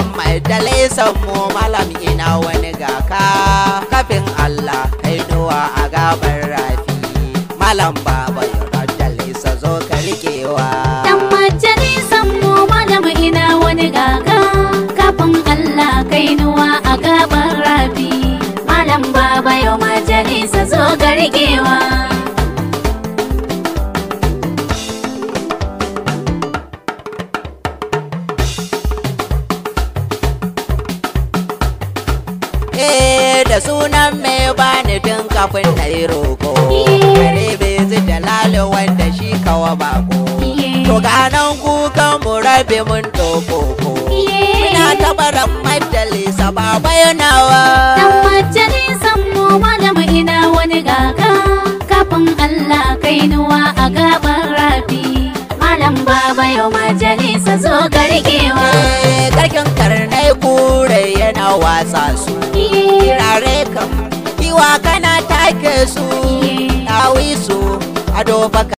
Muhammad da laisan mu malam ina wani gaka kafin Allah ainuwa a gabar rafi malam baba da laisa zo ka rikewa dan majalisan mu malam ina wani gaka kafin Allah kainuwa a gabar rafi malam baba yau majalisa zo ka rikewa Eh da sunan mai bani tun kafin na yi roko Bare bezi zai lalo wanda shi kawa bako. To ganan kukan mu rabe mun dokoko. Muna taɓa ran majalisa baba yanawa. Dan majalisan mu malamu ina wani gaka. Kafin Allah kainuwa a gaban rafi. Malam baba yau majalisa zo eh, garkewa. Karkin karnai kure yana wasa su. ake su ɗawi so, ado baka.